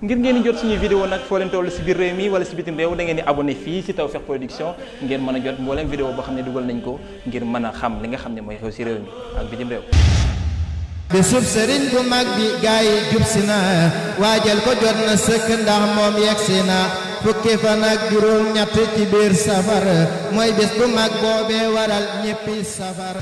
ngir ngeen di jot suñuy vidéo nag foo leen toll si biir réew mi wala si bitim réew da ngeen di abonné fii si Tawfekh Production ngeen mën a jot mbooleem vidéo boo xam ne dugal nañ ko ngir mën a xam li nga xam ne mooy xew si réew mi ak bitim réew bi suuf bu mag bi gaay yi jub si na waajal ko jot na sëkk ndax moom yegsi na fukki fan ak juróom ñett ci biir safar mooy bés bu mag boobee waral ñéppi safar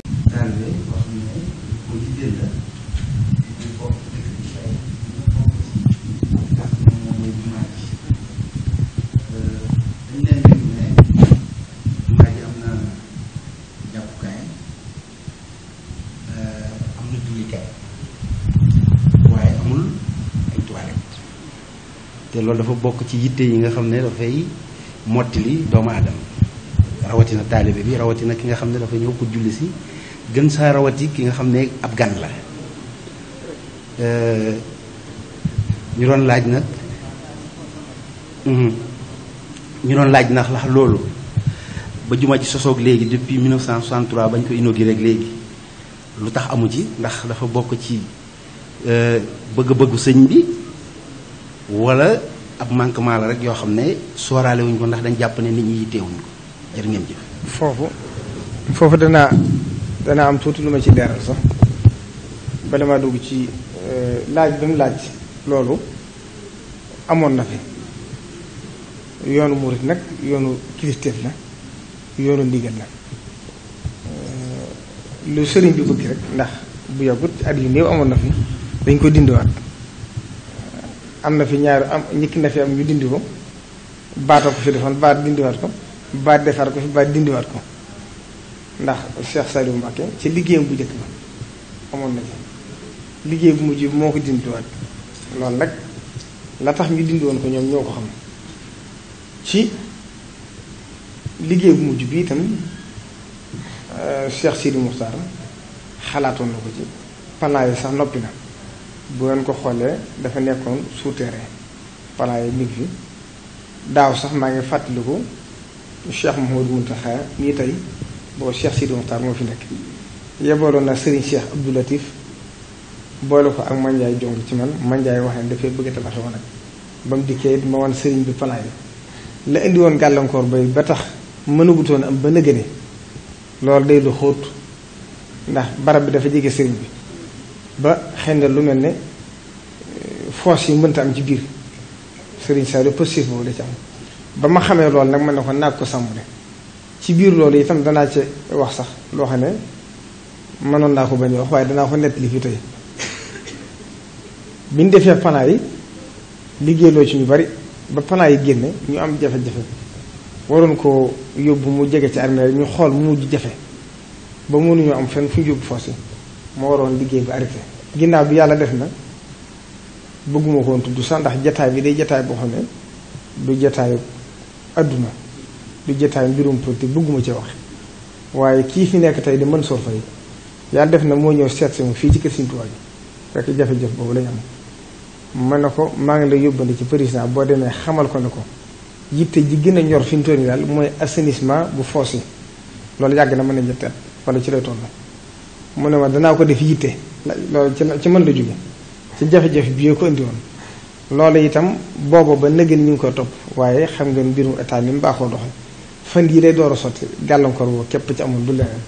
ay waaye amul ay toilette te loolu dafa bokk ci yitte yi nga xam ne dafay mottali doomu aadama rawatina taalibe bi rawatina ki nga xam ne dafa ñëw ko julli si gën saa rawati ki nga xam ne ab gan la euh, ñu doon laaj nag mhm, ñu doon laaj ndax lax loolu ba jumaa ji sosoog léegi depuis 1963 bañ koy inauguré rek léegi lu tax amu ci ndax dafa bokk ci euh, bëgg-bëggu sëñ bi wala ab manquement la rek yoo xam ne sooraale ko ndax dañ jàpp ne nit ñi yitteewuñ ko jërë jëf. foofu foofu danaa danaa am tuuti lu ma ci leeral sax bala maa dugg ci euh, laaj bi mu laaj loolu amoon na fi yoonu murit nag yoonu kilifteef la yoonu ndigal la. lu sëriñ bi bëgg rek ndax bu yàggut at yu néew amoon na fi dañ ko dindiwaat am na fi ñaar am ñikki na fi am ñu dindi ko baatoo ko fi defoon baat dindiwaat ko baat defar ko fi baat dindiwaat ko ndax Cheikh Saliou Mbacké ci liggéeyam bu njëkk ba amoon na ci liggéey bu mujj moo ko dindiwaat loolu nag la tax ñu dindiwoon ko ñoom ñoo ko xam ci liggéey bu mujj bi itam Euh, Cheikh Sidi Moukhtar xalaatoon na ko ci panneaux yi sax noppi na bu ngeen ko xoolee dafa nekkoon souterrain panneaux yi nit fi daaw sax maa ngi fàttaliku Cheikh Mouhamadou Mountakha nii tey boo Cheikh Sidi Moukhtar moo fi nekk yebaloon na Serigne Cheikh Abdou Latif boole ko ak manjaay jong ci man manjaay wax ne dafay bëgg a tabaxe woon ak ba dikkee it ma wan sëriñ bi plan yi la indi woon gàllankoor bay ba tax mënagutoon am ba nëgëne loolu day lu xóot ndax barab bi dafa jege sëriñ bi ba xëy na lu mel ne euh, force yi mënta am ci biir sëriñ Saliou positif boobu la ci am ba ma xamee loolu nag mën na ko nàkk ko sàmmule ci biir loolu itam danaa ci wax sax loo xam ne mënoon naa ko bañ wax waaye danaa ko nett li fi tey bi ñu defee panaa yi liggéey loo ci ñu bari ba panaa yi génne ñu am jafe-jafe waroon ko yóbbu mu jege ci armée ñu xool mu mujj jafe ba mënuñu am fenn fu ñu yóbbu foos yi moo waroon liggéey bi arrêté ginnaaw bi yàlla def na bëgguma ko woon tudd jataay bi day jataay boo xam ne du jataayu adduna du jataayu mbirum politique bëgguma ci wax waaye kii fi nekk tey di mën soo fay def na moo ñëw seet fii ci kër Sëriñ Tuubaa bi fekk jafe boobu lañu am mën na ko maa ngi lay yóbbandi ci président boo demee xamal ko ne ko yitte ji gën a ñor fi mu toll daal mooy assainissement bu foos yi loolu yàgg na mën na jëttaat walla ci lay toll mu ne ma danaa ko def yitte loolu ci man mën la jóge ci jafe-jafe bi ko indi woon loolu itam booba ba nëgën ñu ngi koy topp waaye xam nga mbirum état ni mu baaxoo doxal fan yii day door a sotti gàllankoor boobu képp ci amoon du leneen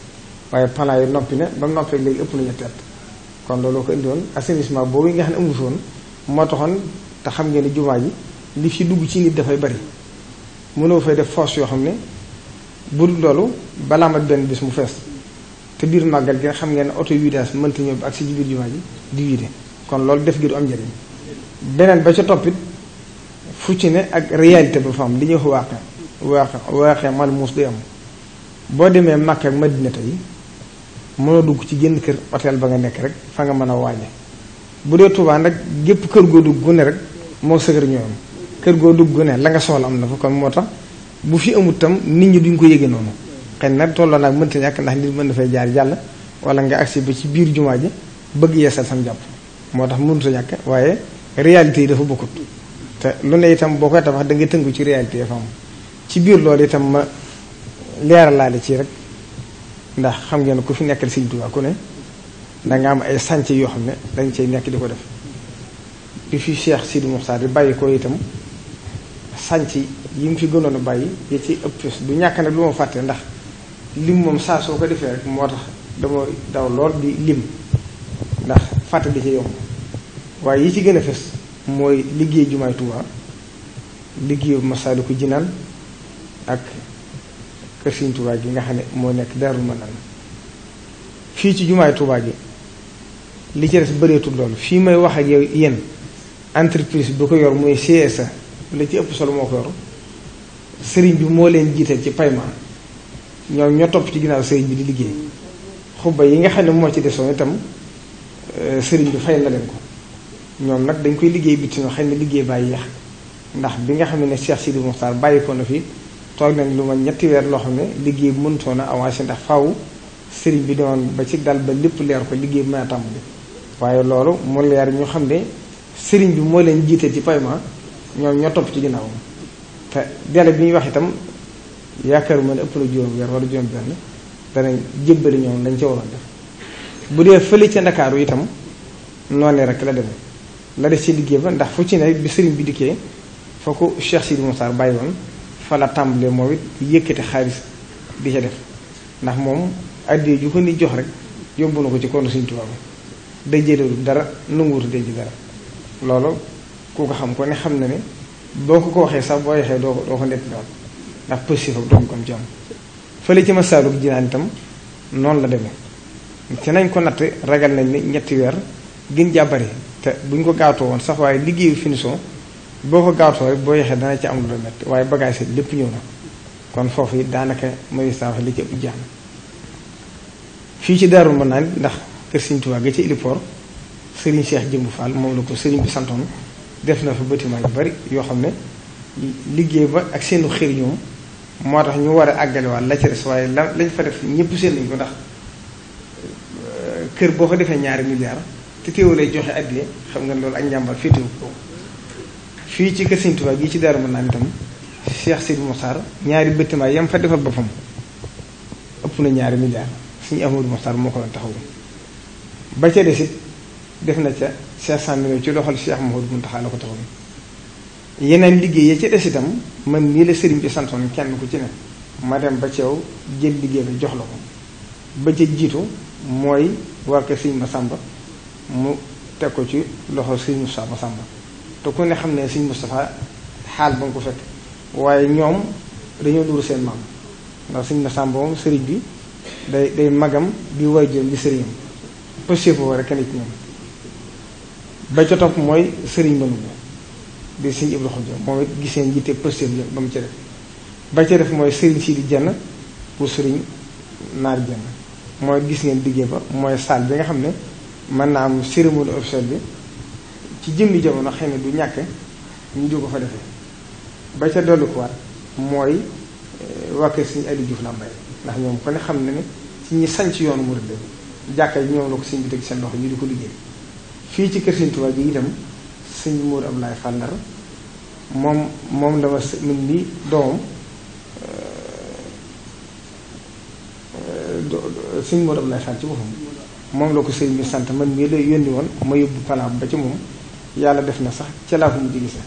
waaye plan yi noppi ne ba noppi léegi ëpp na ñetti at kon loolu ko indi woon assainissement boobu yi nga xam ne amu fi woon moo taxoon te xam ngeen ne jumaa ji li fi dugg ci nit dafay bari mënoo fay def force yoo xam ne bu dul loolu balaa mat benn bis mu fees te biir màggal gi xam ngeen ne auto vidange mënta ñëw ak si biir jumaa ji di vidé kon loolu def gi du am njëriñ beneen ba ca toppit fu ci ne ak réalité bu fa am li ñuy wax waaqe waaqe waaqe mal muus day am boo demee Makka ak Madina tey mënoo dugg ci génn kër hôtel ba nga nekk rek fa nga mën a wàññe bu dee Tuubaa nag gépp kër goo dugg gune rek moo sëgër ñoom kër goo dugg ne la nga soxla am na fa kon moo tax bu fi amut tam nit ñi duñ ko yëge noonu xëy na tolloo naag mënta ñàkk ndax nit mën na fay jaar jàll wala nga agsi ba ci biir jumaa ji bëgg yeesal sam jàpp moo tax mënuta ñàkk waaye réalité yi dafa bokkut te lu ne itam boo koy tabax da ngay tënku ci réalité yi fa am ci biir loolu itam ma leeralaale ci rek ndax xam ngeen ku fi nekkal si Tuubaa ku ne danga am ay sànce yoo xam ne dañ cay nekk di ko def bi fi si Sidi Moxtaar di bàyyi ko itam sanc yi mu fi gënoon a bàyyi yi ci ëpp du ñàkk nag lu ma fàtte ndax lim moom saa soo ko defee rek moo tax dama daw lool di lim ndax fàtte di ci yomb waaye yi ci gën a fës mooy liggéey jumaay Tuubaa liggéeyu Masaalikul Jinaan ak kër Sëriñ Tuubaa gi nga xam ne moo nekk Daarul Manaan fii ci jumaay Tuubaa gi li ci des bëreetul loolu fii may wax ak yow yéen entreprise bu ko yor muy sa la ci ëpp solo moo ko yor sëriñ bi moo leen jiite ci paiement ñoom ñoo topp ci ginnaaw sëriñ bi di liggéey xubba yi nga xam ne moo ci desoon itam euh, sëriñ bi fay na leen ko ñoom nag dañ koy liggéey bitim xëy na liggéey bàyyi yàq ndax bi nga xam ne Cheikh Sidi Mokhtar bàyyi ko na fi toog nañ lu ma weer loo xam ne liggéey bi mënutoon a avancé ndax faaw sëriñ bi demoon ba ci dal ba lépp leer ko liggéey bi mën a waaye loolu mu xam ne sëriñ bi moo leen jiite ci paiement. ñoom ñoo topp ci ginnaawam te délai bi ñu wax itam yaakaaruma ne ëpp na juróom weer wala juróom benn danañ jébbali ñoom lañ ca waroon def bu dee fële ca ndakaaru itam noonu rek la demee la def ci liggéey ba ndax fu ci ne bi bi dikkee foo ko Cheikh Sidi bàyyi woon fa la tàmbalee moom it yëkkati xaalis bi ca def ndax moom addee ju ko nit jox rek yóbbu na ko ci kon Sëriñ Tuubaa day jëlelu dara nanguwutu denc dara loolu ku ko xam ko ne xam na ne boo ko ko waxee sax boo yeexee doo doo ko nettaliwaat ndax positif ak doomu koom ci am fële ci Masaalikul noonu la demee te nañ ko natt ragal nañ ni ñetti weer gën jaa te buñ ko gaatoo woon sax waaye liggéeyu finition boo ko gaatoo boo yeexee dana ci am lu waaye bagage lépp ñëw kon foofu yi daanaka magistrat li ci ëpp jaax na fii ci Daaru Manaan ndax kër Sëriñ Tuubaa ga ci héliport Serigne Cheikh Jëmbu Fall moom la ko Serigne bi santoon def na fa bâtiment bu bari yoo xam ne liggéey ba ak seenu xër ñoom moo tax ñu war a àggalewaat la ci des waaye la lañ fa def ñëpp seen nañ ko ndax euh, kër boo ko defee ñaari milliards te téewulee joxe addiye xam nga loolu ak njàmbar féetewu fii ci kër Sëñ Tuubaa gii ci Daaru naan itam Cheikh Sidi Mokhtar ñaari bâtiment yam fa defal boppam ëpp na ñaari milliards suñu Amadou Mokhtar moo ko la taxawu ba ca des def na ca 500 millions ci loxol Cheikh Mouhamadou Mountakha la ko taxoon yeneen liggéey ya ci des itam man nii la sëriñ bi santoon kenn ku ci ne ma dem ba ceew jël liggéey bi jox la ko ba ca jiitu mooy war ko ma Massamba mu teg ko ci loxo sëriñ Moustapha Massamba te ku ne xam ne sëriñ Moustapha xaal ba nga ko fekk waaye ñoom dañoo duuru seen maam ndax sëriñ Massamba moom sëriñ bi day day magam di waajuram di sëriñam pëstéefoo rekk nit ñoom ba ca topp mooy sëriñ ba nugg di sëñ Ibra Xujja moom it gisee njiite pëstéef ja ba mu ca def ba ca def mooy sëriñ si di jenn pour sëriñ naar jenn mooy gis ngeen diggee ba mooy saal bi nga xam ne mën naa am cérémonie officielle bi ci jëmmi jamono xëy na du ñàkk ñu di ko fa defee ba ca dolli mooy eh, waa kër sëñ Aliou Diouf Lambaye ndax ñoom ko xam ne ne ci ñi sanc yoonu murid jàkka yi ñoom la ko sëñ bi teg seen loxo ñu di ko liggéey fii ci kër Sëñ Tuubaa ji itam sëñ Mour Ablaye Fall Ndar moom moom la ma sëñ bi doomam euh, euh, sëñ Mour Ablaye Fall ci boppam moom la ko sëñ bi sant man mii la yónni woon ma yóbbu palaam ba ci moom yàlla def na sax ca laa ko mu jigi sax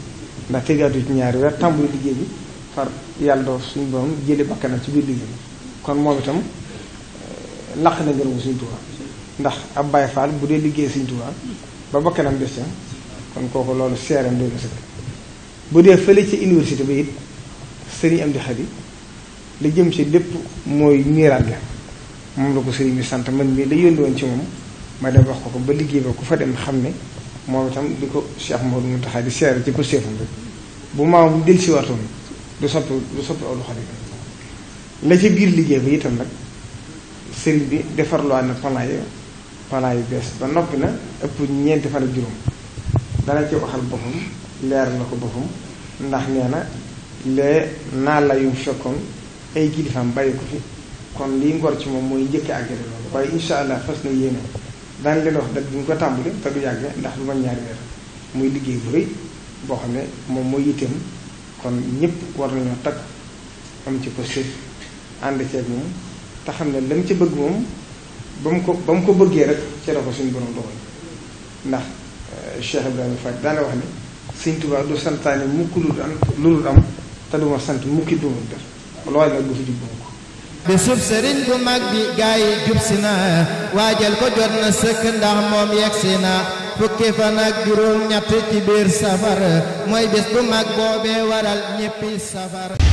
ndax tegaatu ci ñaari weer tàmbali liggéey bi far yàlla doo suñ borom jële bakkanam ci biir liggéey kon moom itam euh, laq na ngërëmu Sëñ Tuubaa ndax ab Baye Fall bu dee liggéey Sëñ Tuubaa ba bakkanam def ca kon kooku loolu seeram doy na dee fële ci université ba it sëriñ am di xadi li jëm ci lépp mooy miiraat ga moom la ko sëriñ bi sant man mii la yónni woon ci moom ma dem wax ko ko ba liggéey ku fa dem xam ne moom itam di ko Cheikh Mawdo mu taxaa di seere ci ko seefam bu maam del si wartoon du soppi du soppi aw la ci biir liggéey ba itam nag sëriñ bi defar loo na plan walla yu bees ba noppi na ëpp ñeenti fan juróom dana ci waxal boppam leer na ko boppam ndax nee na lee naa la yu fekkoon ay kilifaam bàyyi ko fi kon liy ngor ci moom mooy njëkk àggale loolu waaye insha allah fas na yéene daan leen wax dëgg bu ñu ko tàmbali te du yàgg ndax du ma ñaari weer muy liggéey bu rëy boo xam ne moom mooy yitteem kon ñëpp war nañoo takk am ci ko séef ànd ceeg moom te xam ne lam ci bëgg moom ba mu ko ba mu ko bëggee rek ci la ko suñu borom doxal ndax euh, Cheikh Ibrahima Fall daana wax ne Sëñ Tuubaa du santaane mukk lu dul am te duma sant mukki du fi jub sëriñ bu mag bi gaa yi jub si na waajal ko jot na sëkk ndax moom yegsi na fukki fan ak juróom ñett ci biir safar mooy bés bu mag boobee waral ñéppi safar